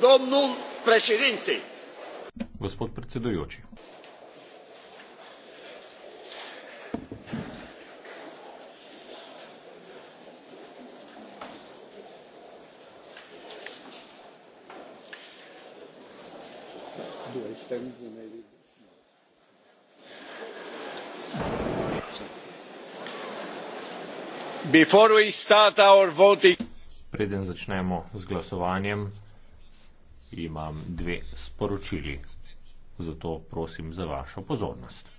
domnul președinte. Gospod predsedujoči. Preden začnemo z glasovanjem, imam dve sporočili. Zato prosim za vašo pozornost.